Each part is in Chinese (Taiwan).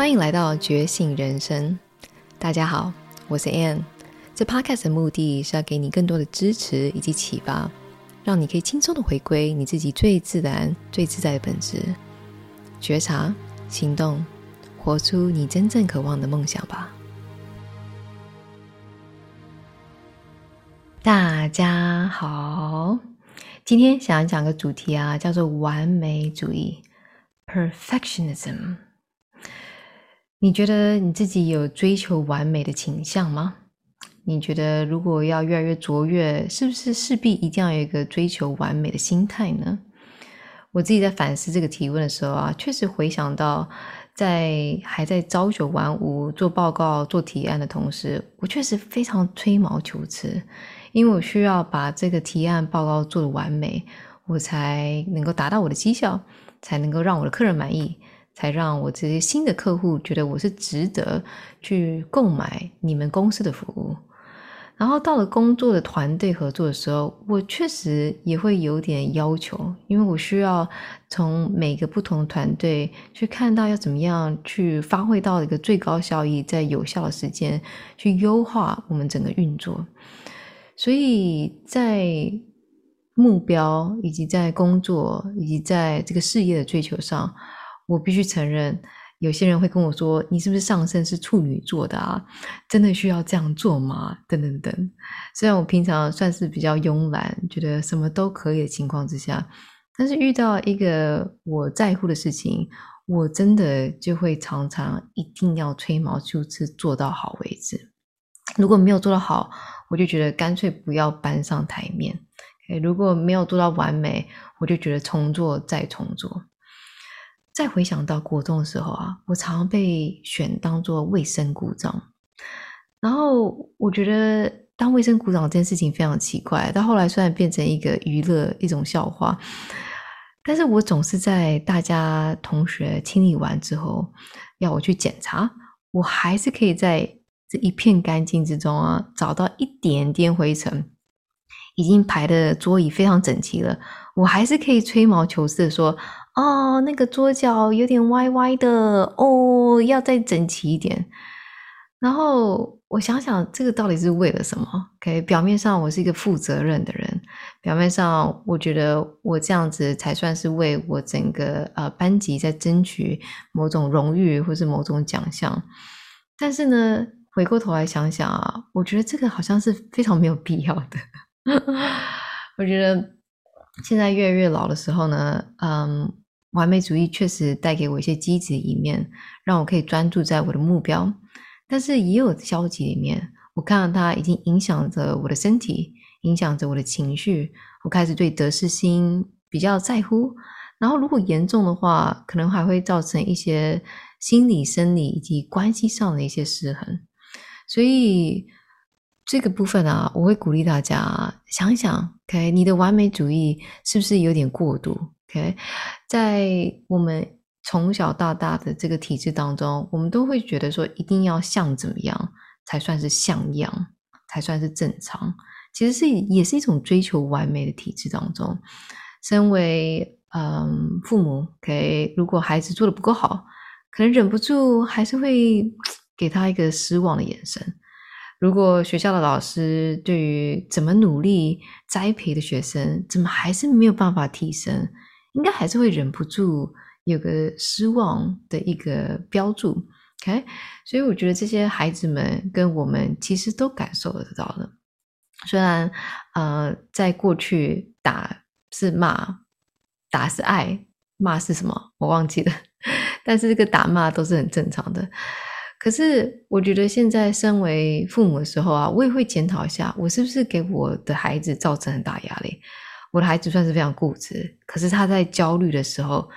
歡迎來到覺醒人生，大家好，我是 Ann。這 Podcast 的目的是要給你更多的支持以及啟發，讓你可以輕鬆的回歸你自己最自然、最自在的本質，覺察、行動，活出你真正渴望的夢想吧。大家好，今天想要講個主題啊，叫做完美主義 （Perfectionism）。Perfect 你覺得你自己有追求完美的傾向嗎？你覺得如果要越來越卓越，是不是勢必一定要有一個追求完美的心態呢？我自己在反思這個提問的時候啊，確實回想到，在還在朝九晚五做報告、做提案的同時，我確實非常吹毛求疵，因為我需要把這個提案、報告做得完美，我才能夠達到我的績效，才能夠讓我的客人滿意。才讓我這些新的客戶覺得我是值得去購買你們公司的服務。然後到了工作的團隊合作的時候，我確實也會有點要求，因為我需要從每個不同團隊去看到要怎麼樣去發揮到一個最高效益，在有效的時間去優化我們整個運作。所以在目標以及在工作以及在這個事業的追求上。我必須承認，有些人會跟我說：“你是不是上升是處女座的啊？真的需要這樣做嗎？”等等等。雖然我平常算是比較慵懶，覺得什麼都可以的情況之下，但是遇到一個我在乎的事情，我真的就會常常一定要吹毛求疵做到好為止。如果沒有做到好，我就覺得乾脆不要搬上台面；如果沒有做到完美，我就覺得重做再重做。再回想到國中的時候啊，我常常被選當做衛生股長，然後我覺得當衛生股長這件事情非常奇怪。到後來雖然變成一個娛樂一種笑話，但是我總是在大家同學清理完之後，要我去檢查，我還是可以在這一片乾淨之中啊，找到一點點灰塵。已經排的桌椅非常整齊了，我還是可以吹毛求疵的說，哦，那個桌角有點歪歪的，哦，要再整齊一點。然後我想想，這個到底是為了什麼？OK，表面上我是一個負責任的人，表面上我覺得我這樣子才算是為我整個呃班級在爭取某種榮譽或是某種獎項。但是呢，回過頭來想想啊，我覺得這個好像是非常沒有必要的。 我覺得現在越來越老的時候呢，嗯，完美主義確實帶給我一些積極的一面，讓我可以專注在我的目標。但是也有消極一面，我看到它已經影響着我的身體，影響着我的情緒。我開始對得失心比較在乎，然後如果嚴重的話，可能還會造成一些心理、生理以及關係上的一些失衡。所以。這個部分啊，我會鼓勵大家想一想，OK，你的完美主義是不是有點過度？OK，在我們從小到大的這個體制當中，我們都會覺得說，一定要像怎麼樣才算是像樣，才算是正常，其實是也是一種追求完美的體制當中。身為嗯父母 OK，如果孩子做得不夠好，可能忍不住還是會給他一個失望的眼神。如果學校的老師對於怎麼努力栽培的學生，怎麼還是沒有辦法提升，應該還是會忍不住有個失望的一個標注。OK，所以我覺得這些孩子們跟我們其實都感受得到的。雖然，呃，在過去打是罵，打是愛，罵是什麼我忘記了，但是這個打罵都是很正常的。可是我覺得現在身為父母的時候啊，我也會檢討一下，我是不是給我的孩子造成很大壓力？我的孩子算是非常固執，可是他在焦慮的時候，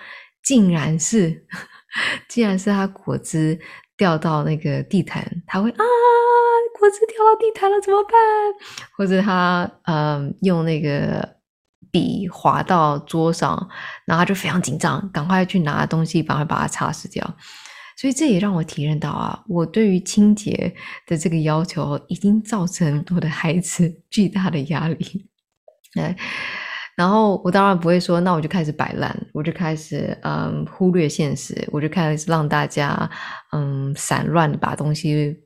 竟然是竟然是他果汁掉到那個地毯，他會啊，果汁掉到地毯了怎麼辦？或者他嗯、呃，用那個筆劃到桌上，然後他就非常緊張，趕快去拿東西，趕快把它擦拭掉。所以這也讓我體認到啊，我對於清潔的這個要求已經造成我的孩子巨大的壓力。哎、嗯，然後我當然不會說，那我就開始擺爛，我就開始嗯忽略現實，我就開始讓大家嗯散亂的把東西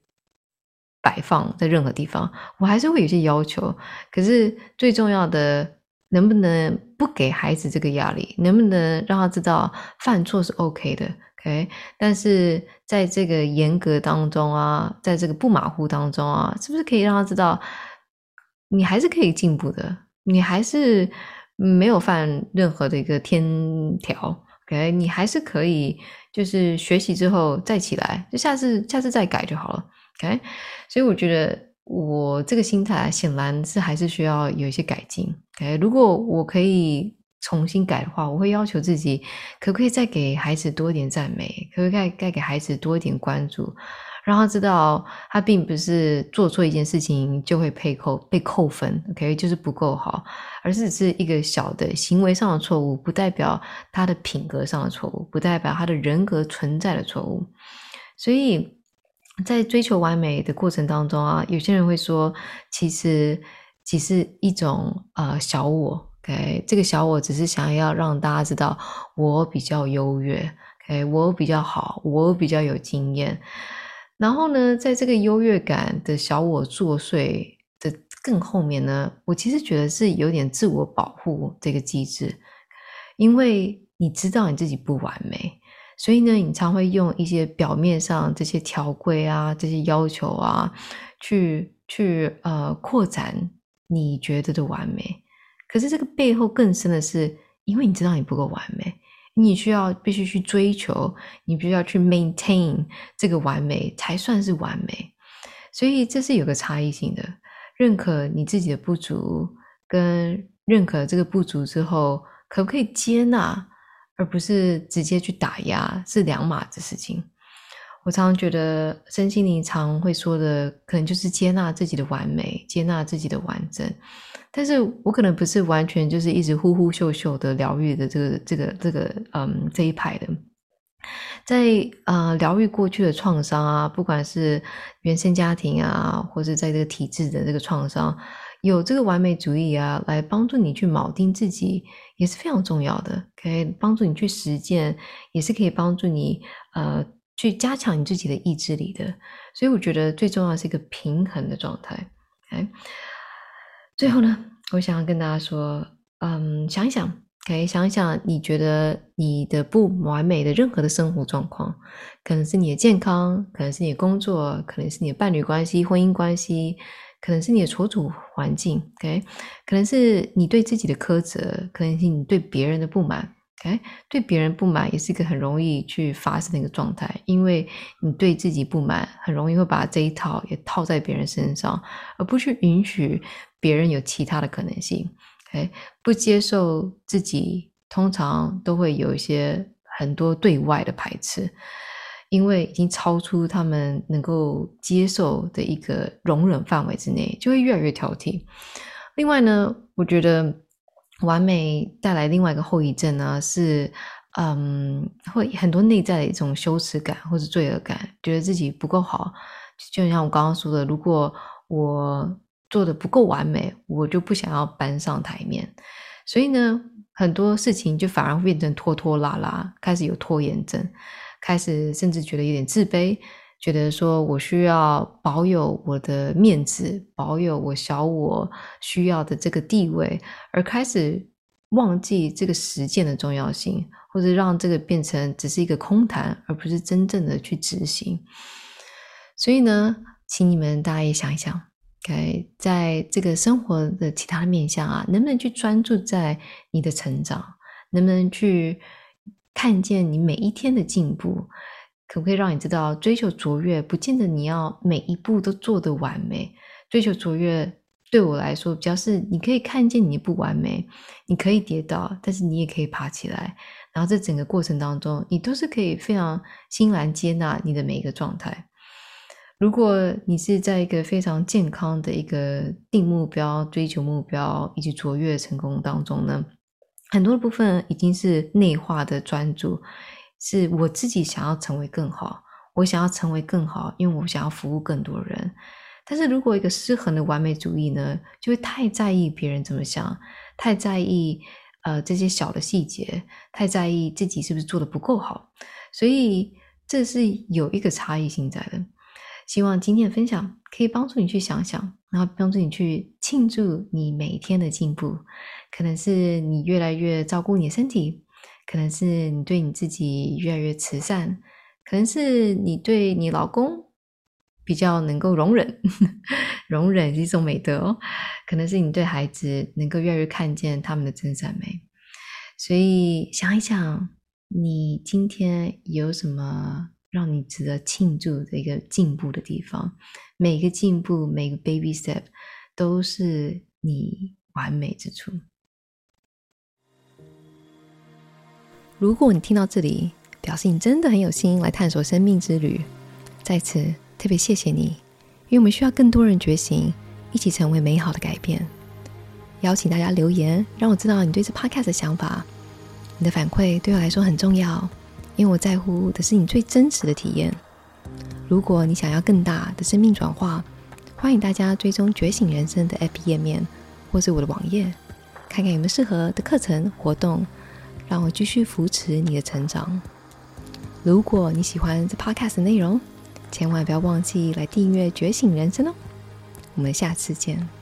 擺放在任何地方。我還是會有些要求，可是最重要的，能不能不給孩子這個壓力？能不能讓他知道犯錯是 OK 的？哎，但是在這個嚴格當中啊，在這個不馬虎當中啊，是不是可以讓他知道，你還是可以進步的，你還是沒有犯任何的一個天條，誒、okay? 你還是可以，就是學習之後再起來，就下次下次再改就好了，誒、okay? 所以我覺得我這個心態顯然是還是需要有一些改進，誒、okay? 如果我可以。重新改的話，我會要求自己，可不可以再給孩子多一點讚美？可不可以再給孩子多一點關注，讓他知道他並不是做錯一件事情就會被扣被扣分，OK，就是不夠好，而是只是一個小的行為上的錯誤，不代表他的品格上的錯誤，不代表他的人格存在的錯誤。所以在追求完美的過程當中啊，有些人會說，其實只是一種呃小我。OK，這個小我只是想要讓大家知道我比較優越，OK，我比較好，我比較有經驗。然後呢，在這個優越感的小我作祟的更後面呢，我其實覺得是有點自我保護這個機制，因為你知道你自己不完美，所以呢，你常會用一些表面上這些條規啊、這些要求啊，去去呃擴展你覺得的完美。可是這個背後更深的是，因為你知道你不夠完美，你需要必須去追求，你必須要去 maintain 這個完美，才算是完美。所以這是有個差異性的，認可你自己的不足，跟認可這個不足之後，可不可以接納，而不是直接去打壓，是兩碼子事情。我常常覺得身心靈常會說的，可能就是接納自己的完美，接納自己的完整。但是我可能不是完全就是一直呼呼秀秀的療癒的這個這個這個嗯這一排的，在呃療癒過去的創傷啊，不管是原生家庭啊，或是在這個體制的這個創傷，有這個完美主義啊，來幫助你去錨定自己也是非常重要的。OK，可以幫助你去實踐，也是可以幫助你呃去加強你自己的意志力的。所以我覺得最重要的是一個平衡的狀態，哎、okay？最後呢，我想要跟大家說，嗯，想一想可以、okay? 想一想，你覺得你的不完美的任何的生活狀況，可能是你的健康，可能是你的工作，可能是你的伴侶關係、婚姻關係，可能是你的所處環境，OK，可能是你對自己的苛責，可能是你對別人的不滿。哎，okay, 對別人不滿也是一個很容易去發生的一個狀態，因為你對自己不滿，很容易會把這一套也套在別人身上，而不去允許別人有其他的可能性。Okay, 不接受自己，通常都會有一些很多對外的排斥，因為已經超出他們能夠接受的一個容忍範圍之內，就會越來越挑剔。另外呢，我覺得。完美帶來另外一個後遺症呢，是，嗯，會很多內在的一種羞恥感或者罪惡感，覺得自己不夠好。就像我剛剛說的，如果我做得不夠完美，我就不想要搬上台面。所以呢，很多事情就反而會變成拖拖拉拉，開始有拖延症，開始甚至覺得有點自卑。覺得說我需要保有我的面子，保有我小我需要的這個地位，而開始忘記這個實踐的重要性，或者讓這個變成只是一個空談，而不是真正的去執行。所以呢，請你們大家也想一想，該在這個生活的其他面向啊，能不能去專注在你的成長，能不能去看見你每一天的進步？可不可以讓你知道，追求卓越，不見得你要每一步都做得完美。追求卓越對我來說，比較是你可以看見你不完美，你可以跌倒，但是你也可以爬起來。然後這整個過程當中，你都是可以非常欣然接納你的每一個狀態。如果你是在一個非常健康的一個定目標、追求目標以及卓越成功當中呢，很多部分已經是內化的專注。是我自己想要成為更好，我想要成為更好，因為我想要服務更多人。但是如果一個失衡的完美主義呢，就會太在意別人怎麼想，太在意呃這些小的細節，太在意自己是不是做得不夠好。所以這是有一個差異性在的。希望今天的分享可以幫助你去想想，然後幫助你去慶祝你每一天的進步，可能是你越來越照顧你的身體。可能是你對你自己越來越慈善，可能是你對你老公比較能夠容忍，呵呵，容忍是一種美德哦。可能是你對孩子能夠越來越看見他們的真善美，所以想一想，你今天有什麼讓你值得慶祝的一個進步的地方？每個進步，每個 baby step，都是你完美之處。如果你聽到這裡，表示你真的很有心來探索生命之旅，在此特別謝謝你，因為我們需要更多人覺醒，一起成為美好的改變。邀請大家留言，讓我知道你對這 podcast 的想法。你的反饋對我來說很重要，因為我在乎的是你最真實的體驗。如果你想要更大的生命轉化，歡迎大家追蹤覺醒人生的 app 頁面，或是我的網頁，看看有沒有適合的課程活動。讓我繼續扶持你的成長。如果你喜歡這 podcast 的內容，千萬不要忘記來訂閱《覺醒人生》哦。我們下次見。